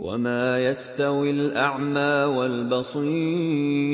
وما يستوي الأعمى والبصير